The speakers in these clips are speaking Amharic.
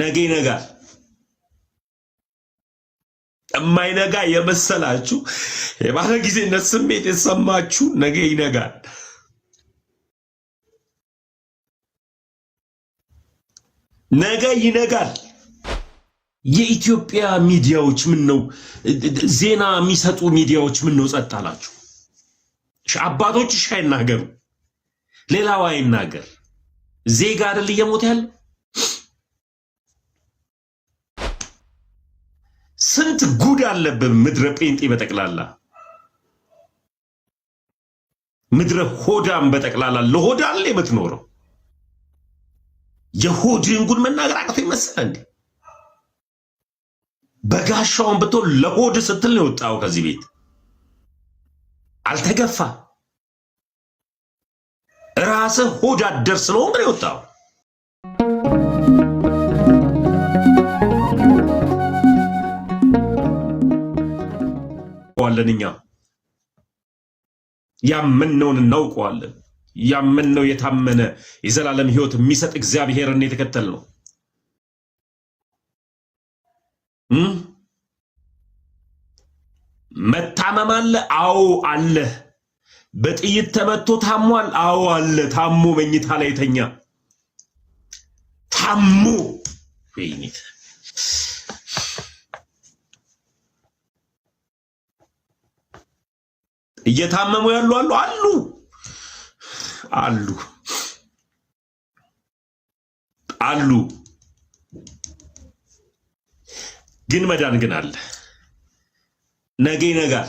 ነገ ይነጋል። የማይነጋ የመሰላችሁ የባለ ጊዜነት ስሜት የተሰማችሁ ነገ ይነጋል። ነገ ይነጋል። የኢትዮጵያ ሚዲያዎች ምን ነው ዜና የሚሰጡ ሚዲያዎች ምን ነው ጸጥ አላችሁ? አባቶችሽ አይናገሩ፣ ሌላው አይናገር። ዜጋ አይደል እየሞተ ያለው ስንት ጉድ አለብን። ምድረ ጴንጤ በጠቅላላ ምድረ ሆዳም በጠቅላላ ለሆዳ አለ የምትኖረው የሆድን ጉድ መናገር አቅቶ ይመስላል እንዴ? በጋሻውን ብቶ ለሆድ ስትል ነው የወጣው ከዚህ ቤት አልተገፋ ራስህ ሆድ አደር ስለሆንክ ነው የወጣው። እናውቀዋለን። እኛ ያመንነውን እናውቀዋለን። ያመንነው የታመነ የዘላለም ሕይወት የሚሰጥ እግዚአብሔርን የተከተል ነው። መታመም አለ። አዎ አለ። በጥይት ተመቶ ታሟል። አዎ አለ። ታሞ መኝታ ላይ ተኛ ታሞ ወይኔ እየታመሙ ያሉ አሉ አሉ አሉ አሉ። ግን መዳን ግን አለ። ነገ ይነጋል።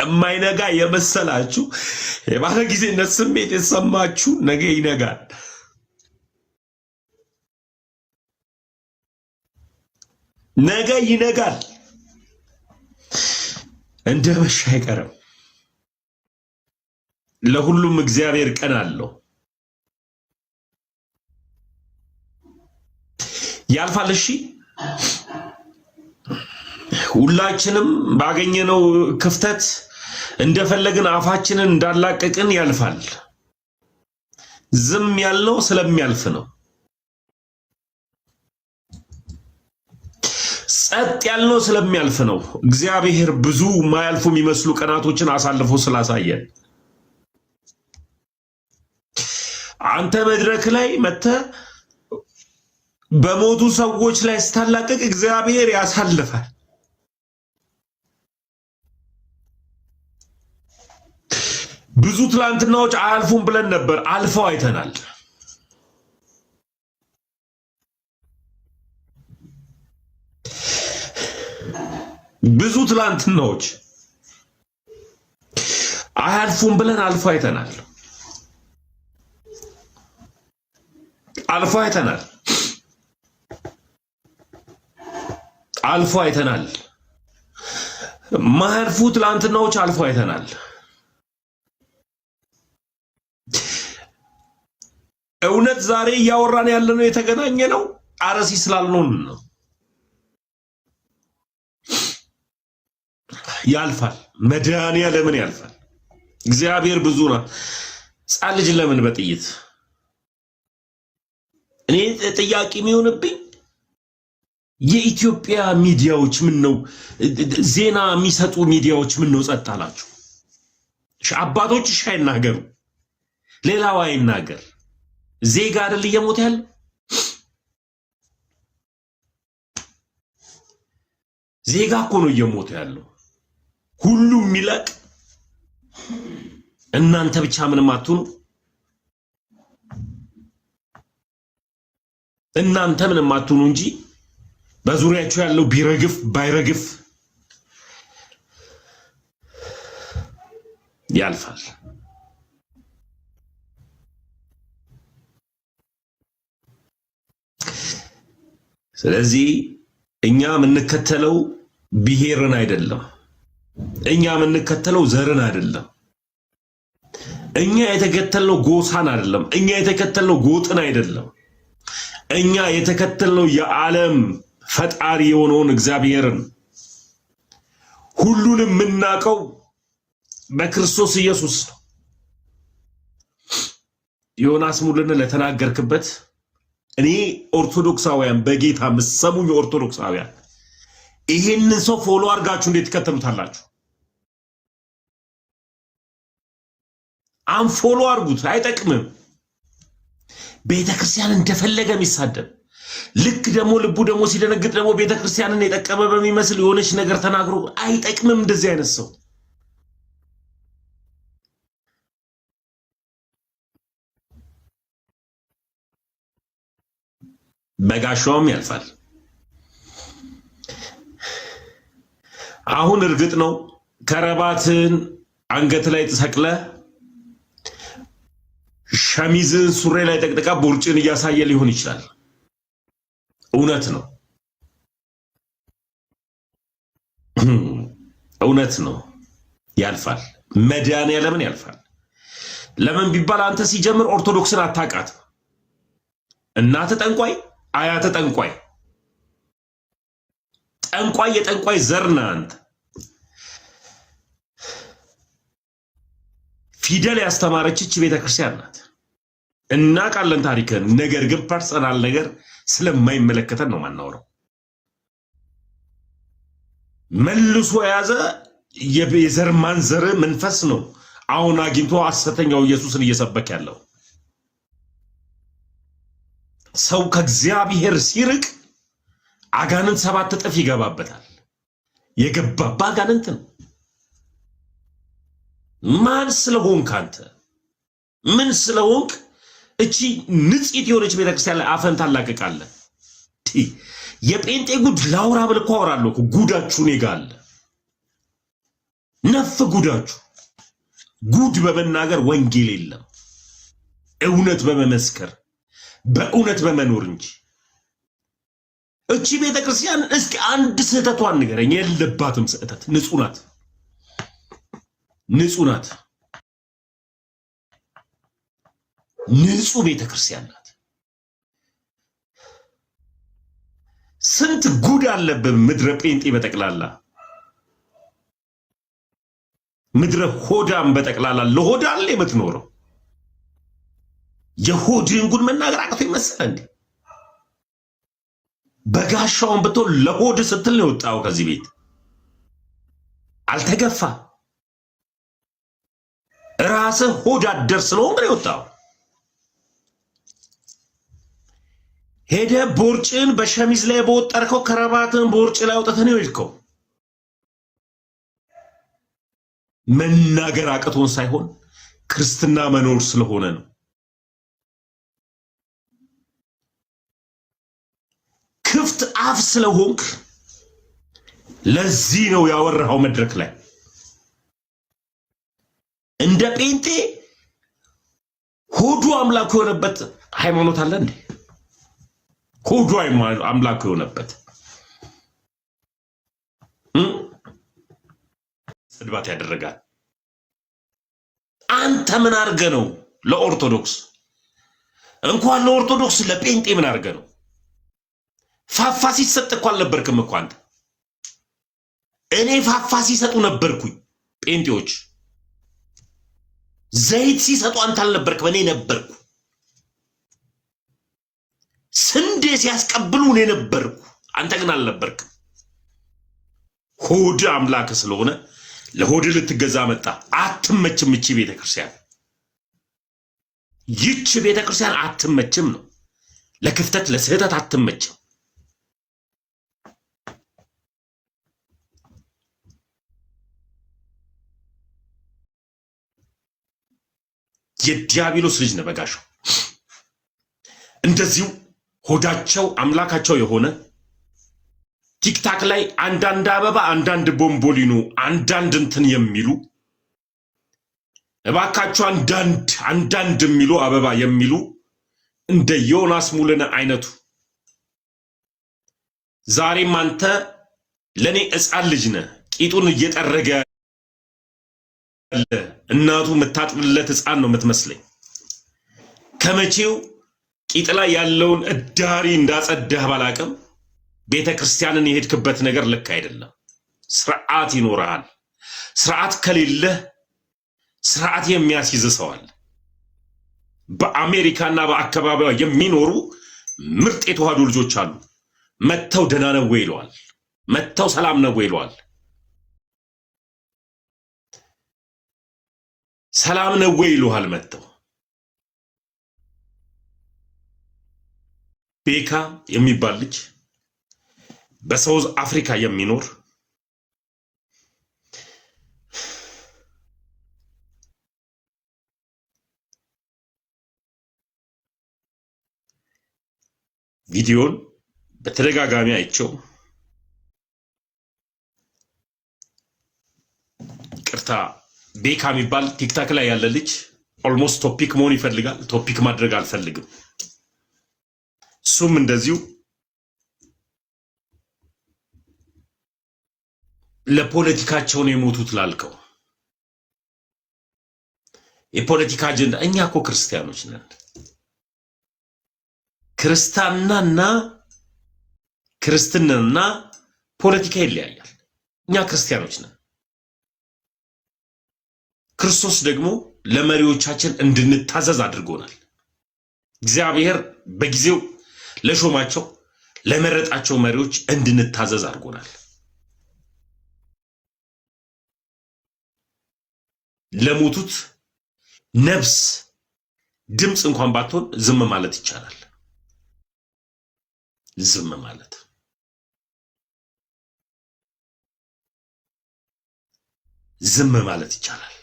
የማይነጋ የመሰላችሁ የባለ ጊዜነት ስሜት የተሰማችሁ ነገ ይነጋል። ነገ ይነጋል። እንደ በሻ አይቀርም። ለሁሉም እግዚአብሔር ቀን አለው። ያልፋል። እሺ ሁላችንም ባገኘነው ክፍተት እንደፈለግን አፋችንን እንዳላቀቅን ያልፋል። ዝም ያልነው ስለሚያልፍ ነው። ጸጥ ያልነው ስለሚያልፍ ነው። እግዚአብሔር ብዙ የማያልፉ የሚመስሉ ቀናቶችን አሳልፎ ስላሳየን አንተ መድረክ ላይ መተ በሞቱ ሰዎች ላይ ስታላቅቅ እግዚአብሔር ያሳልፋል። ብዙ ትላንትናዎች አያልፉም ብለን ነበር፣ አልፈው አይተናል። ብዙ ትላንትናዎች አያልፉም ብለን አልፎ አይተናል። አልፎ አይተናል። አልፎ አይተናል። ማያልፉ ትላንትናዎች አልፎ አይተናል። እውነት ዛሬ እያወራን ያለነው የተገናኘ ነው አረሲ ስላልነው ነው። ያልፋል። መድኃኒያ ለምን ያልፋል? እግዚአብሔር ብዙ ነው። ጻን ልጅ ለምን በጥይት እኔ ጥያቄ የሚሆንብኝ የኢትዮጵያ ሚዲያዎች ምን ነው ዜና የሚሰጡ ሚዲያዎች ምን ነው ጸጥ አላችሁ? አባቶች እሺ አይናገሩ፣ ሌላው አይናገር። ዜጋ አይደል እየሞተ ያለ? ዜጋ እኮ ነው እየሞተ ያለው። ሁሉም የሚለቅ እናንተ ብቻ ምንም አትሆኑ፣ እናንተ ምንም አትሆኑ እንጂ በዙሪያቸው ያለው ቢረግፍ ባይረግፍ ያልፋል። ስለዚህ እኛ የምንከተለው ብሔርን አይደለም። እኛ የምንከተለው ዘርን አይደለም። እኛ የተከተልነው ጎሳን አይደለም። እኛ የተከተልነው ጎጥን አይደለም። እኛ የተከተልነው የዓለም ፈጣሪ የሆነውን እግዚአብሔርን ሁሉንም የምናውቀው በክርስቶስ ኢየሱስ ነው። ዮናስ ሙሉን ለተናገርክበት እኔ ኦርቶዶክሳውያን በጌታ ምሰሙኝ ኦርቶዶክሳውያን ይህንን ሰው ፎሎ አድርጋችሁ እንዴት ትከተሉታላችሁ? አንፎሎ አርጉት፣ አይጠቅምም። ቤተ ክርስቲያን እንደፈለገ የሚሳደብ ልክ ደግሞ ልቡ ደግሞ ሲደነግጥ ደግሞ ቤተ ክርስቲያንን የጠቀመ በሚመስል የሆነች ነገር ተናግሮ አይጠቅምም። እንደዚህ አይነት ሰው በጋሻውም ያልፋል። አሁን እርግጥ ነው ከረባትን አንገት ላይ ተሰቅለ ሸሚዝን ሱሬ ላይ ጠቅጥቃ ቦርጭን እያሳየ ሊሆን ይችላል። እውነት ነው፣ እውነት ነው። ያልፋል። መድኃኒዓለምን ያልፋል። ለምን ቢባል አንተ ሲጀምር ኦርቶዶክስን አታውቃት። እናተ ጠንቋይ፣ አያተ ጠንቋይ፣ ጠንቋይ የጠንቋይ ዘር ነህ አንተ። ፊደል ያስተማረች እች ቤተክርስቲያን ናት። እናውቃለን ታሪክን። ነገር ግን ፐርሰናል ነገር ስለማይመለከተን ነው ማናወረው። መልሶ የያዘ የዘር ማንዘር መንፈስ ነው አሁን አግኝቶ ሐሰተኛው ኢየሱስን እየሰበክ ያለው ሰው ከእግዚአብሔር ሲርቅ አጋንንት ሰባት እጥፍ ይገባበታል። የገባባ አጋንንት ነው። ማን ስለሆንክ አንተ ምን ስለሆንክ እቺ ንጽት የሆነች ቤተክርስቲያን ላይ አፈን ታላቅቃለህ? የጴንጤ ጉድ ላውራ ብል እኮ አወራለሁ። ጉዳችሁ እኔ ጋ አለ። ነፍ ጉዳችሁ ጉድ በመናገር ወንጌል የለም እውነት በመመስከር በእውነት በመኖር እንጂ። እቺ ቤተክርስቲያን እስኪ አንድ ስህተቷን ንገረኝ። የለባትም ስህተት፣ ንጹህ ናት። ንጹህ ናት። ንጹህ ቤተክርስቲያን ናት። ስንት ጉድ አለብን። ምድረ ጴንጤ በጠቅላላ ምድረ ሆዳም በጠቅላላ ለሆዳ አለ የምትኖረው የሆድን ጉድ መናገር አቅቶ ይመስላል እንዴ? በጋሻውን ብትሆን ለሆድ ስትል ነው የወጣው ከዚህ ቤት አልተገፋ ራስህ ሆድ አደር ስለሆንክ ነው የወጣው። ሄደህ ቦርጭን በሸሚዝ ላይ በወጠርከው ከረባትን ቦርጭ ላይ አውጥተህ ነው የሄድከው። መናገር አቅቶን ሳይሆን ክርስትና መኖር ስለሆነ ነው። ክፍት አፍ ስለሆንክ ለዚህ ነው ያወራኸው መድረክ ላይ እንደ ጴንጤ ሆዱ አምላክ የሆነበት ሃይማኖት አለ እንዴ? ሆዱ አምላክ የሆነበት ስድባት ያደረጋል። አንተ ምን አድርገ ነው ለኦርቶዶክስ እንኳን ለኦርቶዶክስ ለጴንጤ ምን አድርገ ነው? ፋፋ ሲሰጥ እኮ አልነበርክም እኮ አንተ። እኔ ፋፋ ሲሰጡ ነበርኩኝ ጴንጤዎች ዘይት ሲሰጡ አንተ አልነበርክም፣ እኔ ነበርኩ። ስንዴ ሲያስቀብሉ እኔ ነበርኩ፣ አንተ ግን አልነበርክም። ሆድ አምላክ ስለሆነ ለሆድ ልትገዛ መጣ። አትመችም። እቺ ቤተክርስቲያን ይቺ ቤተክርስቲያን አትመችም ነው ለክፍተት ለስህተት አትመችም። የዲያብሎስ ልጅ ነው በጋሻው። እንደዚሁ ሆዳቸው አምላካቸው የሆነ ቲክታክ ላይ አንዳንድ አበባ፣ አንዳንድ ቦምቦሊኖ፣ አንዳንድ እንትን የሚሉ እባካቸው አንዳንድ አንዳንድ የሚሉ አበባ የሚሉ እንደ ዮናስ ሙሉነ አይነቱ ዛሬም አንተ ለእኔ ሕፃን ልጅ ነህ ቂጡን እየጠረገ እናቱ የምታጥብለት ህፃን ነው የምትመስለኝ። ከመቼው ቂጥ ላይ ያለውን እዳሪ እንዳጸዳህ ባላቅም ቤተ ክርስቲያንን የሄድክበት ነገር ልክ አይደለም። ስርዓት ይኖርሃል። ስርዓት ከሌለህ ስርዓት የሚያስይዝ ሰዋል። በአሜሪካና በአካባቢዋ የሚኖሩ ምርጥ የተዋህዶ ልጆች አሉ። መጥተው ደህና ነው ይለዋል። መጥተው ሰላም ነው ይለዋል። ሰላም ነው ወይ ይሉሃል መጥተው። ቤካ የሚባል ልጅ በሳውዝ አፍሪካ የሚኖር ቪዲዮን በተደጋጋሚ አይቸው ቅርታ ቤካ የሚባል ቲክታክ ላይ ያለ ልጅ ኦልሞስት ቶፒክ መሆን ይፈልጋል። ቶፒክ ማድረግ አልፈልግም። እሱም እንደዚሁ ለፖለቲካቸውን የሞቱት ላልከው የፖለቲካ አጀንዳ እኛ እኮ ክርስቲያኖች ነን። ክርስታናና ክርስትናና ፖለቲካ ይለያያል። እኛ ክርስቲያኖች ነን። ክርስቶስ ደግሞ ለመሪዎቻችን እንድንታዘዝ አድርጎናል። እግዚአብሔር በጊዜው ለሾማቸው ለመረጣቸው መሪዎች እንድንታዘዝ አድርጎናል። ለሞቱት ነፍስ ድምፅ እንኳን ባትሆን ዝም ማለት ይቻላል። ዝም ማለት ዝም ማለት ይቻላል።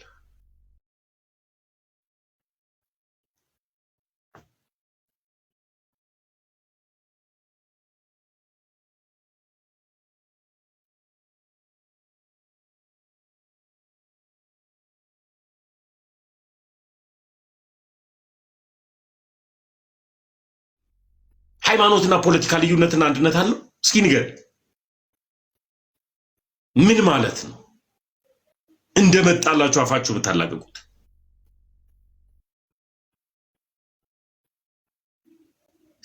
ሃይማኖትና ፖለቲካ ልዩነትና አንድነት አለው? እስኪ ንገር። ምን ማለት ነው? እንደመጣላችሁ አፋችሁ ብታላገቁት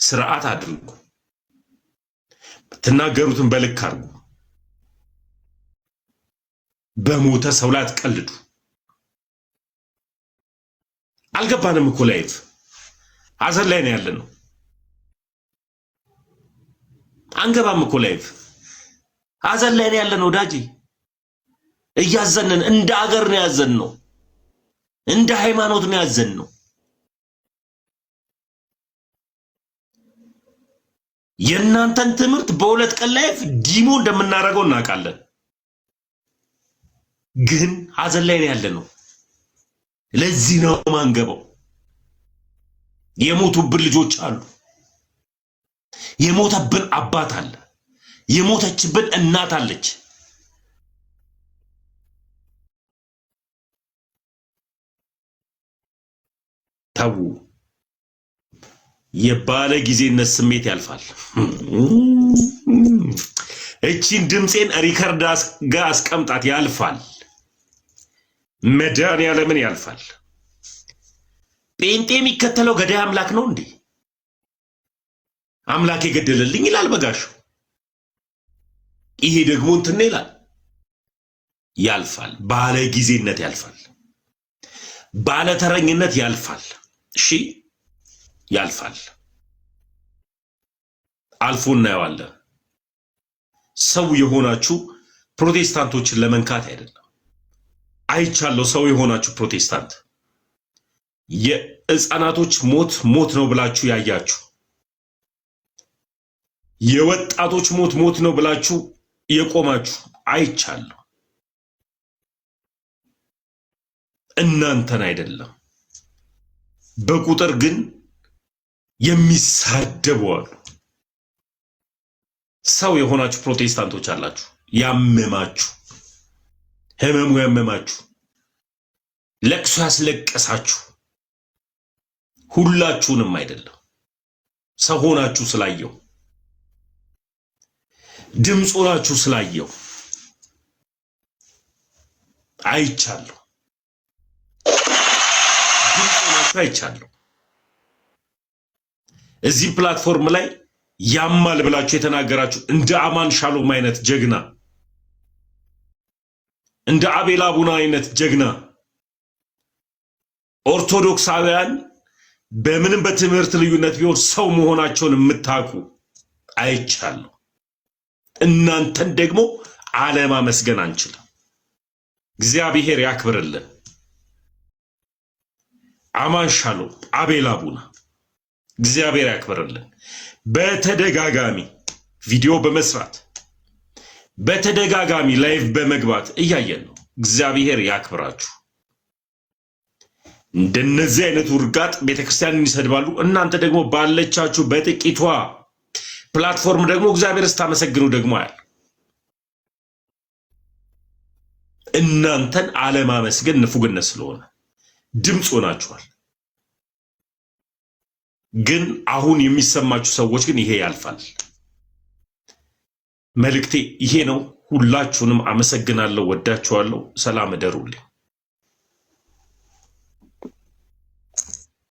ስርዓት አድርጉ። ትናገሩትን በልክ አድርጉ። በሞተ ሰው ላይ አትቀልዱ። አልገባንም እኮ ላይፍ ሀዘን ላይ ነው ያለ ነው። አንገባም እኮ ላይ አዘን ላይ ያለ ነው ዳጂ እያዘንን እንደ አገር ነው ያዘን ነው እንደ ሃይማኖት ነው ያዘን ነው የእናንተን ትምህርት በሁለት ቀን ላይፍ ዲሞ እንደምናደርገው እናውቃለን። ግን አዘን ላይ ነው ያለ ነው። ለዚህ ነው ማንገባው። የሞቱብን ልጆች አሉ። የሞተብን አባት አለ። የሞተችብን እናት አለች። ተው፣ የባለ ጊዜነት ስሜት ያልፋል። እቺን ድምፄን ሪከርድ ጋ አስቀምጣት። ያልፋል። መድኃኔዓለምን ያልፋል። ጴንጤ የሚከተለው ገዳይ አምላክ ነው እንዴ? አምላክ የገደለልኝ ይላል በጋሹ። ይሄ ደግሞ እንትን ይላል ያልፋል፣ ባለ ጊዜነት ያልፋል፣ ባለ ተረኝነት ያልፋል። እሺ ያልፋል፣ አልፎ እናየዋለን። ሰው የሆናችሁ ፕሮቴስታንቶችን ለመንካት አይደለም። አይቻለሁ። ሰው የሆናችሁ ፕሮቴስታንት የህፃናቶች ሞት ሞት ነው ብላችሁ ያያችሁ የወጣቶች ሞት ሞት ነው ብላችሁ የቆማችሁ አይቻለሁ። እናንተን አይደለም በቁጥር ግን የሚሳደቡ አሉ። ሰው የሆናችሁ ፕሮቴስታንቶች አላችሁ። ያመማችሁ፣ ህመሙ ያመማችሁ፣ ለቅሶ ያስለቀሳችሁ ሁላችሁንም አይደለም ሰው ሆናችሁ ስላየው ድምፁ ናችሁ ስላየው አይቻለሁ፣ ድምፁ ናችሁ አይቻለሁ። እዚህ ፕላትፎርም ላይ ያማል ብላችሁ የተናገራችሁ እንደ አማን ሻሎም አይነት ጀግና እንደ አቤል አቡና አይነት ጀግና ኦርቶዶክሳውያን በምንም በትምህርት ልዩነት ቢሆን ሰው መሆናቸውን የምታውቁ አይቻለሁ። እናንተን ደግሞ አለማመስገን አንችልም። እግዚአብሔር ያክብርልን። አማን ሻሎም አቤላ ቡና እግዚአብሔር ያክብርልን። በተደጋጋሚ ቪዲዮ በመስራት በተደጋጋሚ ላይቭ በመግባት እያየን ነው። እግዚአብሔር ያክብራችሁ። እንደነዚህ አይነቱ ውርጋጥ ቤተክርስቲያንን ይሰድባሉ። እናንተ ደግሞ ባለቻችሁ በጥቂቷ ፕላትፎርም ደግሞ እግዚአብሔር ስታመሰግኑ ደግሞ አያል እናንተን አለማመስገን ንፉግነት ስለሆነ ድምፅ ሆናችኋል። ግን አሁን የሚሰማችሁ ሰዎች ግን ይሄ ያልፋል። መልእክቴ ይሄ ነው። ሁላችሁንም አመሰግናለሁ፣ ወዳችኋለሁ። ሰላም እደሩልኝ።